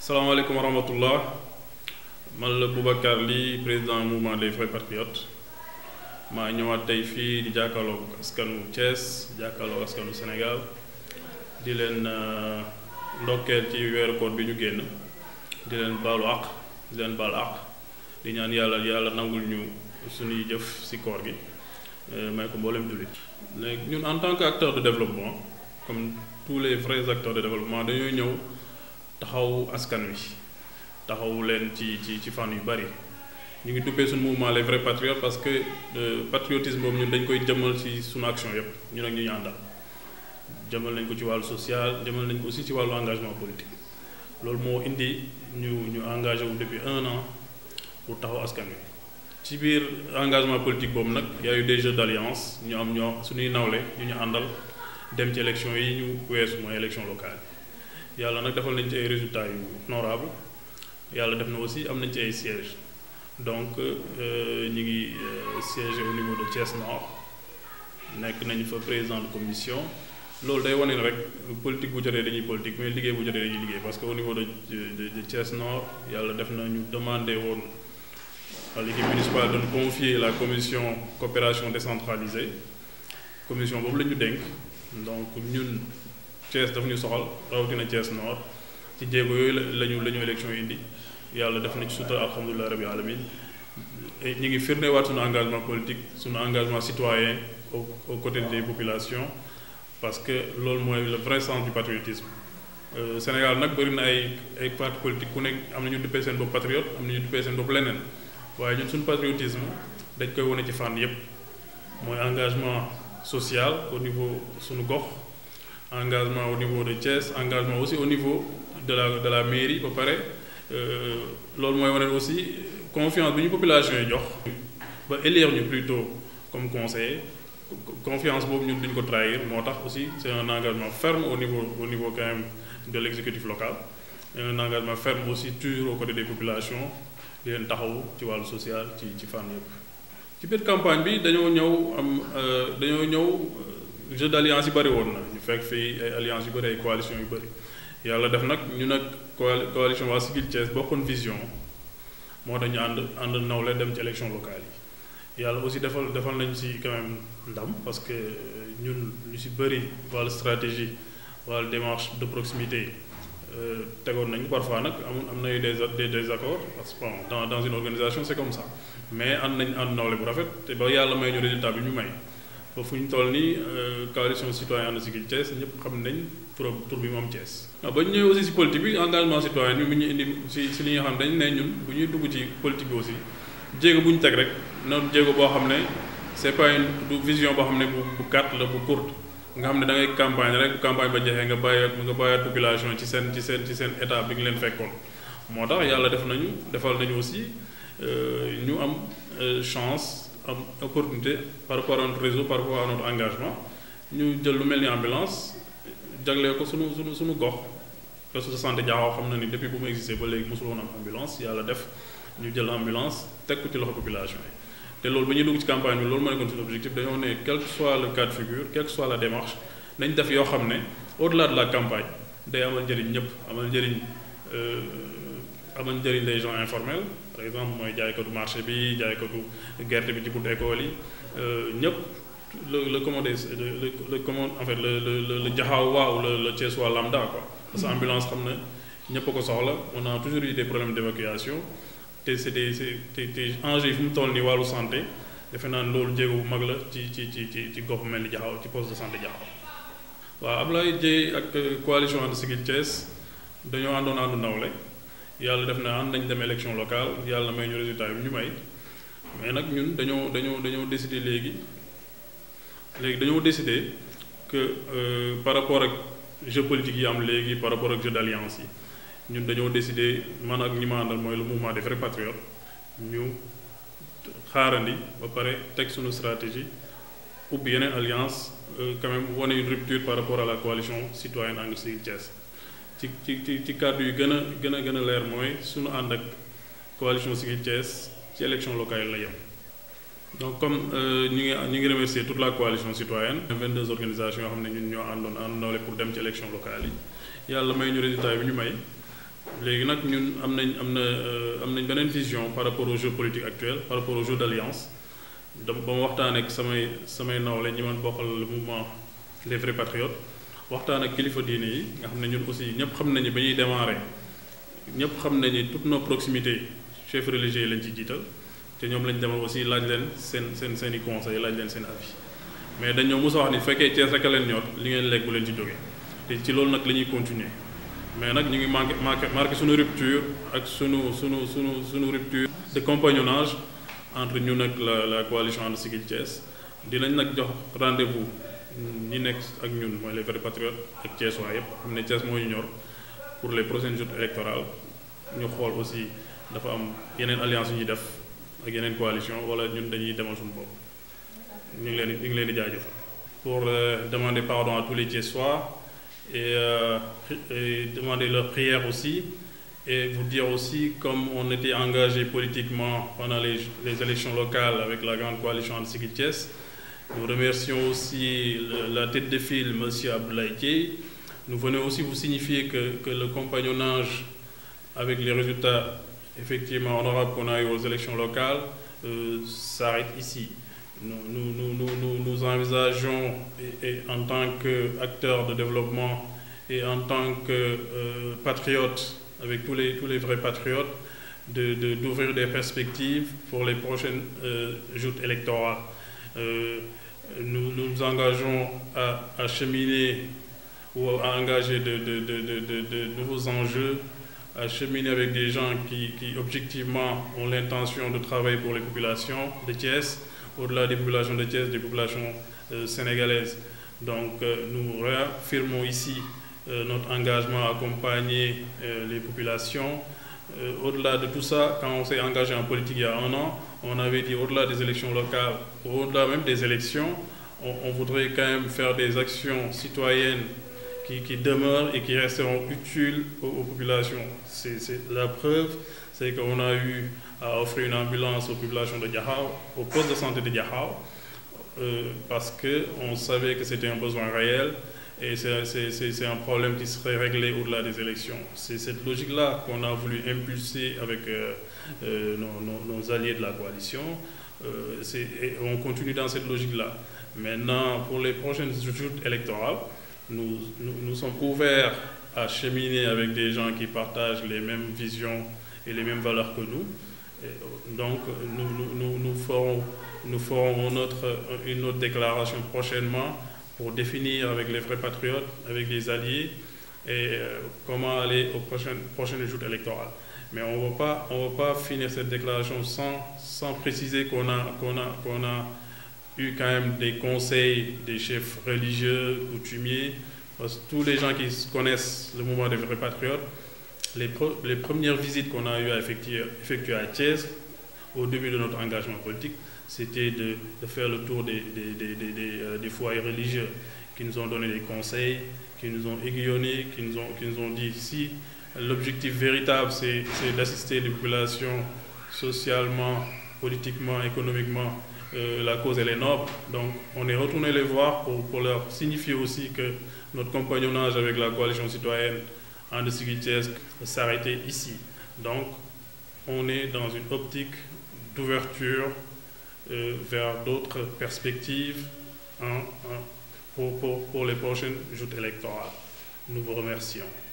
salaamaaleykum wa rahmatullah man la Boubacar Ly président mouvement des Vrais Patriotes maa ñëwaat tey fii di jàkkaarloo askanu Thiès jàkkaarloo askanu Sénégal di leen euh, ndokkeel ci weeru koor bi ñu génn di leen baalu àq di leen baal àq di ñaan yàlla yàlla nangul ñu suñuy jëf si koor gi euh, may ko mboolem jullit léegi ñun en tant que acteur de développement comme tous les vrais acteurs de développement dañuy ñëw taxaw askan wi taxaw leen ci ci ci fànn yu bari ñu ngi duppee suñu mouvement les vrais patriotes parce que euh, patriotisme boobu ñun dañ koy jëmal si suñu action yépp ñun ak ñu ñu àndal jëmal nañ ko ci wàllu social jëmal nañ ko aussi ci wàllu engagement politique loolu moo indi ñu ñu engagé bu taxaw askan wi ci biir engagement politique boobu nag y a des jeux d'alliance ñu am ñoo suñuy nawle ñu ñu àndal dem ci élection yi ñu weesu mooy élection locale yàlla nag defal nañ ci ay résultats yu honorable yàlla def na aussi am nañ ci ay sièges donc euh, ñu ngi euh, siège au niveau de Thiès Nord nekk nañu fa président de commission loolu day wane rek politique bu jotee dañuy politique mais liggéey bu jotee dañuy liggéey parce que au niveau de de Thiès def na ñu demandé woon. l'équipe municipale dañu confier la commission coopération décentralisée commission boobu la ñu dénk donc ñun Thiès daf ñu soxal rawatina Thiès Nord ci jéego yooyu la ñu la ñu élection indi yàlla def na ci sutura alhamdulilah rabi alamin ñu ngi firndewaat suñu engagement politique suñu engagement citoyen au au côté des populations parce que loolu mooy le vrai sens du patriotisme euh, Sénégal nag bëri na ay ay parti politique ku nekk am na ñu duppee seen bopp patriote am leneen waaye ñun suñu patriotisme dañ koy wane ci fànn yépp mooy engagement social au niveau suñu gox engagement au niveau de Thiès engagement aussi au niveau de la la mairie ba pare euh, loolu mooy wane aussi confiance bi ñu population yi jox ba élire ñu plutôt comme conseiller confiance boobu ñun duñ ko trahir moo tax aussi c'est un engagement ferme au niveau au niveau quand même de l'exécutif local un engagement ferme aussi toujours aux côtés des population di leen taxaw ci wàllu social ci ci fànn yëpp ci biir campagne bi dañoo ñëw am euh, dañoo ñëw euh, jeu d'alliance yi bëri woon na ñu fekk fii ay alliance yu bëri ay coalition yu bëri yàlla def nag ñu nag coalition waa Siggil Thiès bokkoon vision moo tax ñu ànd ànd nawle dem ci élection locale yi yàlla aussi defal defal nañu si quand ndam parce que euh, ñun ñu si bëri wàllu stratégie wàllu démarche de proximité Euh, tegoon nañu parfois nag am am nay des des désaccords parce que bon dans dans une organisation c'est comme ça mais ànd nañ ànd nawle bu rafet te ba yàlla may ñu résultat bi ñu may ba fu ñu toll nii euh, coalition citoyen ànd si Thiès ñëpp xam nañ tur tur bi mu am Thiès. waaw ba ñu ñëwee si politique bi engagement citoyen bi mu ñu indi si si li nga dañ ne ñun bu ñuy dugg ci politique bi aussi jéego bu ñu teg rek noonu jéego boo xam ne c'est pas vision boo xam ne bu bu gàtt la bu courte. nga xam ne da ngay campagne rek campagne ba jexe nga bàyyiwaat nga bàyyiwaat population ci seen ci seen ci seen état bi nga leen fekkoon moo tax yàlla def nañu defal nañu aussi euh, ñu am euh, chance am opportunité par rapport à notre réseau par rapport à notre engagement ñu jël lu mel ni ambulance jaglee ko su sunu sunu suñu gox poste de santé Diakhao xam na ni depuis bu mu existé ba léegi mosul woon am ambulance yàlla def ñu jël ambulance teg ko ci loxo population yi te loolu ba ñuy dugg ci campagne bi loolu moo nekkoon suñu objectif dañoo ne quel soit le cas de figure quelle soit la démarche nañ def yoo xam ne au-delà de la campagne day amal njariñ ñëpp amal njëriñ euh, amal njëriñ les gens informels par exemple mooy jaaykatu marché bi jaaykatu gerte bi ci buntu école yi euh, ñëpp le la commande le le commande en fait le le le jaxaaw waaw le le Thiessois lambda quoi parce que mm-hmm. ambulance xam na ñëpp ko soxla on a toujours eu des problèmes d'évacuation te c'est des te te enjeux yi fu mu toll nii wàllu santé defe naa loolu jéego bu mag la ci ci ci ci ci gox mel ni Jaxaw ci poste de santé Jaxaw waaw Abdoulaye Dièye ak euh, coalition And Siggil Thiès dañoo àndoon àndu nawle yàlla def na ànd nañ dem élection locale yàlla may ñu résultat bi ñu may mais nag ñun dañoo dañoo dañoo décidé léegi léegi dañoo décidé que euh, par rapport ak jeu politique yi am léegi par rapport ak jeu d'alliance yi ñun dañoo décidé man ak ñi ma àndal mooy le mouvement des vrais ñu xaarandi ba pare teg suñu stratégie ubbi yeneen alliance euh, quand même wane une rupture par rapport à la coalition citoyenne Angle Sud Thiès ci ci ci ci kàddu yi gën a gën a gën leer mooy suñu ànd ak coalition Siggil Thiès ci élection locale la yem donc comme euh, ñu ngi ñu ngi remercier toute la coalition citoyenne 22 organisations yoo xam ne ñun ñoo àndoon àndoon pour dem ci élection locale yi yàlla may ñu résultat bi ñu may léegi nag ñun am nañ am na euh, am nañ beneen vision par rapport au jeu politique actuel par rapport au jeu d'alliance dama ba ma waxtaan ak samay samay nawle ñi man bokkal le mouvement les vrais patriotes waxtaan ak kilifa diine yi nga xam ne ñun aussi ñëpp xam nañu ba ñuy démarrer ñëpp xam nañu toutes nos proximités chefs religieux yi lañ ci jiital te ñoom lañ demal aussi laaj leen seen seen seen i laaj leen seen avis mais dañoo mos a wax ni fekkee Thiès rek leen ñor li ngeen lekk bu leen ci ci loolu nag la ñuy continuer mais nag ñu ngi manqué manqué marqué suñu rupture ak suñu suñu suñu suñu rupture de compagnonnage entre ñun ak la la coalition And Siggil Thiès dinañ nag jox rendez-vous ñu nekk ak ñun mooy les vrais patriotes ak Thiès waa yëpp xam ne Thiès moo ñu ñor pour les prochaines joutes électorales ñu xool aussi dafa am yeneen alliance yu ñuy def ak yeneen coalition wala ñun dañuy demal suñu bopp ñu ngi leen ñu ngi leen di jaajëfal pour euh, demander pardon à tous les Thiessois et, euh, et demander leur prière aussi et vous dire aussi, comme on était engagé politiquement pendant les, les, élections locales avec la grande coalition Antiquities, nous remercions aussi le, la tête de file, M. Abdoulaye Nous venons aussi vous signifier que, que, le compagnonnage avec les résultats effectivement honorables qu'on a eu aux élections locales euh, s'arrête ici. nous, nous, nous, et, en tant qu'acteurs de développement et en tant que euh, patriotes, avec tous les, tous les vrais patriotes, d'ouvrir de, de, des perspectives pour les prochaines euh, joutes électorales. Euh, nous, nous engageons à, à, cheminer ou à engager de, de, nouveaux enjeux, à cheminer avec des gens qui, qui objectivement, ont l'intention de travailler pour les populations de Thiès, au la des de Thiès, des populations euh, sénégalaises. Donc euh, nous réaffirmons ici euh, notre engagement à accompagner les populations. Au-delà de tout ça, quand on s'est engagé en politique il y a un an, on avait dit au-delà des élections locales, au-delà même des élections, on, voudrait quand même faire des actions citoyennes qui, demeurent et qui resteront utiles aux populations. C'est la preuve, c'est qu'on a eu à offrir une ambulance aux populations de Diakhao, aux postes de santé de Diakhao, euh, parce qu'on savait que c'était un besoin réel et c'est un problème qui serait réglé au-delà des élections. C'est cette logique-là qu'on a voulu impulser avec euh, euh, nos, alliés de la coalition. Euh, et on continue dans cette logique-là. Maintenant, pour les prochaines joutes électorales, nous, sommes ouverts à cheminer avec des gens qui partagent les mêmes visions et les mêmes valeurs que nous. donc nous, nous, nous, ferons, nous ferons notre, une autre déclaration prochainement pour définir avec les vrais patriotes, avec les alliés, et euh, comment aller aux prochaines, prochaines électorales. Mais on ne va pas finir cette déclaration sans, préciser qu'on a, eu quand même des conseils des chefs religieux, coutumiers, parce que tous les gens qui connaissent le mouvement des vrais patriotes Les, les premières visites qu'on a eu à effectuer, effectuer, au début de notre engagement politique, c'était de, faire le tour des, des, des, euh, des, foyers religieux qui nous ont donné des conseils, qui nous ont aiguillonnés, qui nous ont, dit si l'objectif véritable c'est d'assister les populations socialement, politiquement, économiquement, euh, la cause elle est noble. Donc on est retourné les voir pour, leur signifier aussi que notre compagnonnage avec la coalition citoyenne en de s'arrêter ici. Donc, on est dans une optique d'ouverture euh, vers d'autres perspectives hein, hein, pour, pour, pour les prochaines joutes électorales. Nous vous remercions.